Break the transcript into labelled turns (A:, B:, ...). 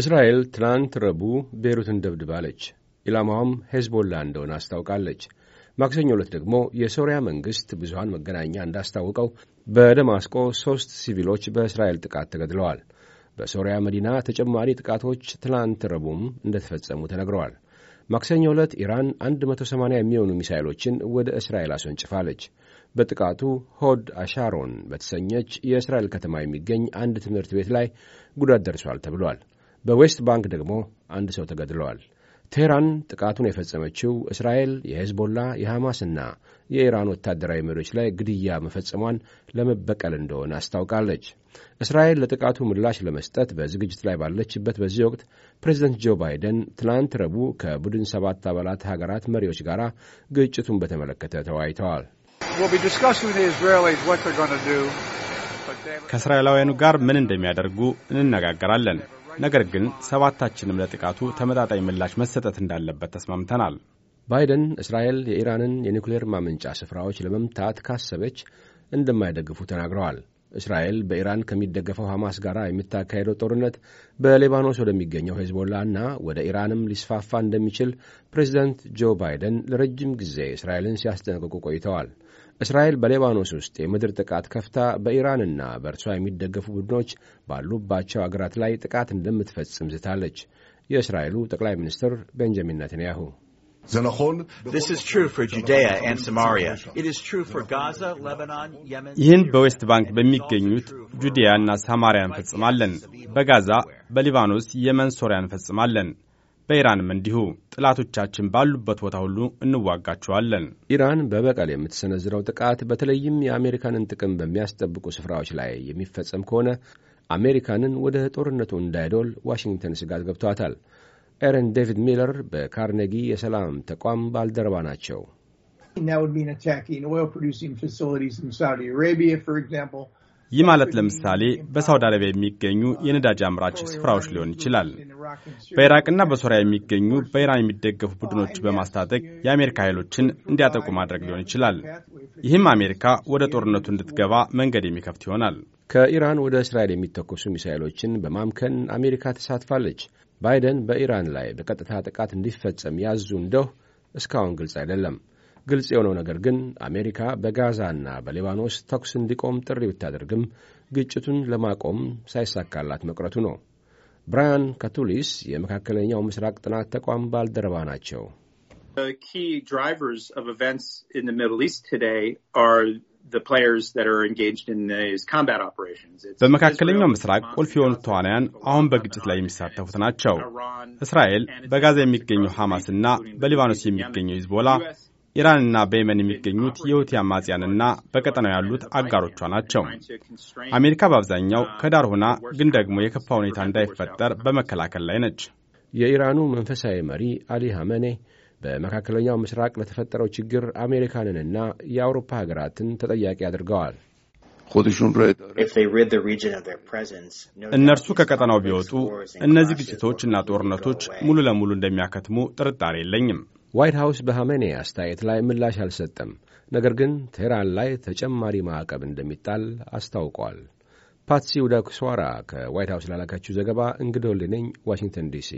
A: እስራኤል ትናንት ረቡዕ ቤሩትን ደብድባለች። ኢላማዋም ሄዝቦላ እንደሆነ አስታውቃለች። ማክሰኞ ዕለት ደግሞ የሶሪያ መንግሥት ብዙሃን መገናኛ እንዳስታወቀው በደማስቆ ሦስት ሲቪሎች በእስራኤል ጥቃት ተገድለዋል። በሶሪያ መዲና ተጨማሪ ጥቃቶች ትናንት ረቡዕም እንደተፈጸሙ ተነግረዋል። ማክሰኞ ዕለት ኢራን 180 የሚሆኑ ሚሳይሎችን ወደ እስራኤል አስወንጭፋለች። በጥቃቱ ሆድ አሻሮን በተሰኘች የእስራኤል ከተማ የሚገኝ አንድ ትምህርት ቤት ላይ ጉዳት ደርሷል ተብሏል። በዌስት ባንክ ደግሞ አንድ ሰው ተገድለዋል። ቴህራን ጥቃቱን የፈጸመችው እስራኤል የሄዝቦላ የሐማስና የኢራን ወታደራዊ መሪዎች ላይ ግድያ መፈጸሟን ለመበቀል እንደሆነ አስታውቃለች። እስራኤል ለጥቃቱ ምላሽ ለመስጠት በዝግጅት ላይ ባለችበት በዚህ ወቅት ፕሬዚደንት ጆ ባይደን ትናንት ረቡዕ ከቡድን ሰባት አባላት ሀገራት መሪዎች ጋር ግጭቱን በተመለከተ ተወያይተዋል።
B: ከእስራኤላውያኑ ጋር ምን እንደሚያደርጉ እንነጋገራለን ነገር ግን ሰባታችንም ለጥቃቱ ተመጣጣኝ ምላሽ መሰጠት እንዳለበት ተስማምተናል።
A: ባይደን እስራኤል የኢራንን የኒውክሌር ማመንጫ ስፍራዎች ለመምታት ካሰበች እንደማይደግፉ ተናግረዋል። እስራኤል በኢራን ከሚደገፈው ሐማስ ጋር የምታካሄደው ጦርነት በሌባኖስ ወደሚገኘው ሄዝቦላ እና ወደ ኢራንም ሊስፋፋ እንደሚችል ፕሬዚደንት ጆ ባይደን ለረጅም ጊዜ እስራኤልን ሲያስጠነቅቁ ቆይተዋል። እስራኤል በሌባኖስ ውስጥ የምድር ጥቃት ከፍታ በኢራንና በእርሷ የሚደገፉ ቡድኖች ባሉባቸው አገራት ላይ ጥቃት እንደምትፈጽም ዝታለች። የእስራኤሉ ጠቅላይ ሚኒስትር ቤንጃሚን ነትንያሁ
B: ይህን በዌስት ባንክ በሚገኙት ጁዲያ ሳማሪያ እንፈጽማለን። በጋዛ፣ በሊባኖስ፣ የመን፣ ሶሪያ እንፈጽማለን። በኢራንም እንዲሁ ጥላቶቻችን ባሉበት ቦታ ሁሉ እንዋጋቸዋለን።
A: ኢራን በበቀል የምትሰነዝረው ጥቃት በተለይም የአሜሪካንን ጥቅም በሚያስጠብቁ ስፍራዎች ላይ የሚፈጸም ከሆነ አሜሪካንን ወደ ጦርነቱ እንዳይዶል ዋሽንግተን ስጋት ገብቷታል። ኤረን ዴቪድ ሚለር በካርኔጊ የሰላም ተቋም ባልደረባ ናቸው።
B: ይህ ማለት ለምሳሌ በሳውዲ አረቢያ የሚገኙ የነዳጅ አምራች ስፍራዎች ሊሆን ይችላል። በኢራቅና በሶሪያ የሚገኙ በኢራን የሚደገፉ ቡድኖች በማስታጠቅ የአሜሪካ ኃይሎችን እንዲያጠቁ ማድረግ ሊሆን ይችላል። ይህም አሜሪካ ወደ ጦርነቱ እንድትገባ መንገድ የሚከፍት ይሆናል።
A: ከኢራን ወደ እስራኤል የሚተኮሱ ሚሳይሎችን በማምከን አሜሪካ ተሳትፋለች። ባይደን በኢራን ላይ በቀጥታ ጥቃት እንዲፈጸም ያዙ እንደሁ እስካሁን ግልጽ አይደለም። ግልጽ የሆነው ነገር ግን አሜሪካ በጋዛና በሊባኖስ ተኩስ እንዲቆም ጥሪ ብታደርግም ግጭቱን ለማቆም ሳይሳካላት መቅረቱ ነው። ብራያን ከቱሊስ የመካከለኛው ምስራቅ ጥናት ተቋም ባልደረባ ናቸው።
B: በመካከለኛው ምስራቅ ቁልፍ የሆኑት ተዋናያን አሁን በግጭት ላይ የሚሳተፉት ናቸው። እስራኤል፣ በጋዛ የሚገኘው እና በሊባኖስ የሚገኘው ሂዝቦላ፣ ኢራንና በየመን የሚገኙት የሁቲ አማጽያንና በቀጠናው ያሉት አጋሮቿ ናቸው። አሜሪካ በአብዛኛው uh, ከዳር ሆና ግን ደግሞ የከፋ ሁኔታ እንዳይፈጠር በመከላከል ላይ ነች።
A: የኢራኑ መንፈሳዊ መሪ አሊ ሐመኔ በመካከለኛው ምስራቅ ለተፈጠረው ችግር አሜሪካንንና የአውሮፓ ሀገራትን ተጠያቂ አድርገዋል። እነርሱ ከቀጠናው ቢወጡ
B: እነዚህ ግጭቶች እና ጦርነቶች ሙሉ ለሙሉ እንደሚያከትሙ ጥርጣሬ የለኝም።
A: ዋይት ሀውስ በሐመኔ አስተያየት ላይ ምላሽ አልሰጠም። ነገር ግን ቴህራን ላይ ተጨማሪ ማዕቀብ እንደሚጣል አስታውቋል። ፓትሲ ውዳኩስዋራ ከዋይት ሀውስ ላላካችው ዘገባ እንግዶልነኝ ዋሽንግተን ዲሲ